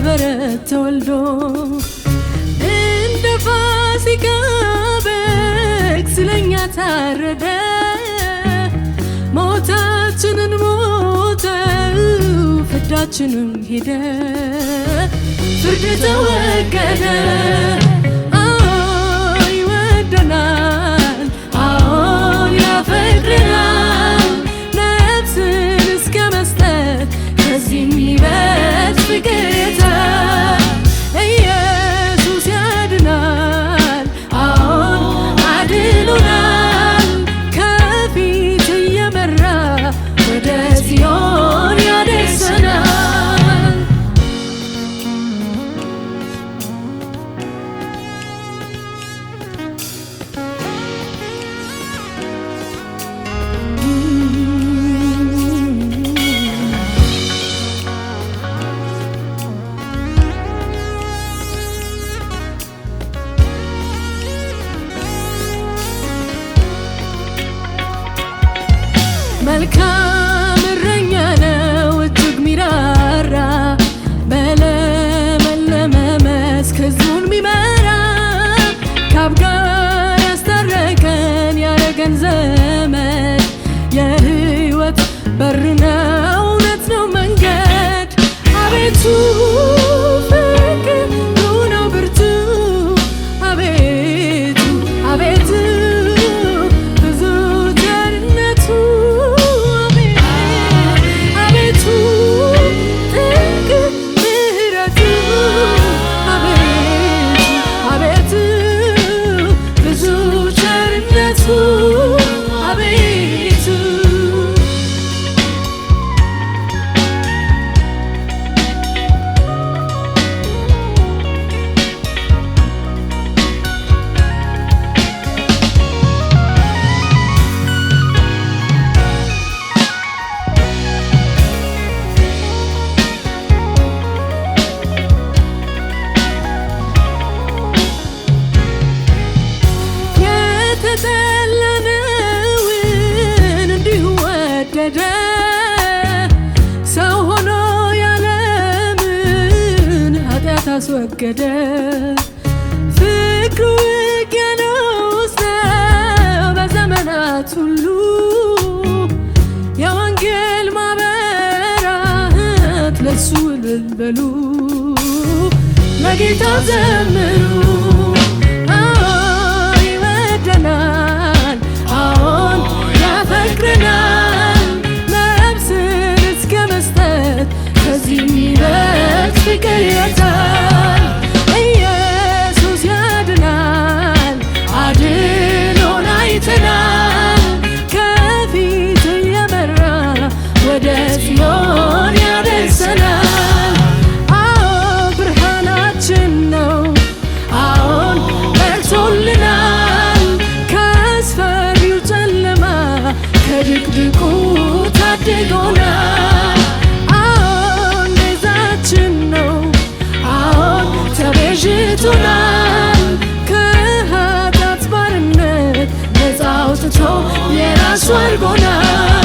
በበረት ተወልዶ እንደ ፋሲካ በግ ስለኛ ታረደ። ሞታችንን ሞተው ፍዳችንም ሄደ፣ ፍርድ ተወገደ። መልካም እረኛ ነው እጅግ ሚራራ በለመለመ መስክ ሕዝቡን ሚመራ ከአብ ጋር ያስታረቀን ያረገን ዘመን የሕይወት በር ነው። cennetu haberi ሰደደ ሰው ሆኖ ያለምን ኃጢአት አስወገደ። ፍቅሩ ውቅያኖስ ነው በዘመናት ሁሉ የወንጌል ማበራት ለሱ እልል ለጌታ ዘምሩ ከድቅድቁ ታድጎናል። አዎን ቤዛችን ነው። አዎን ተቤዥቶናል። ከኃጢአት ባርነት ነፃ አውጥቶ የራሱ አድርጎናል።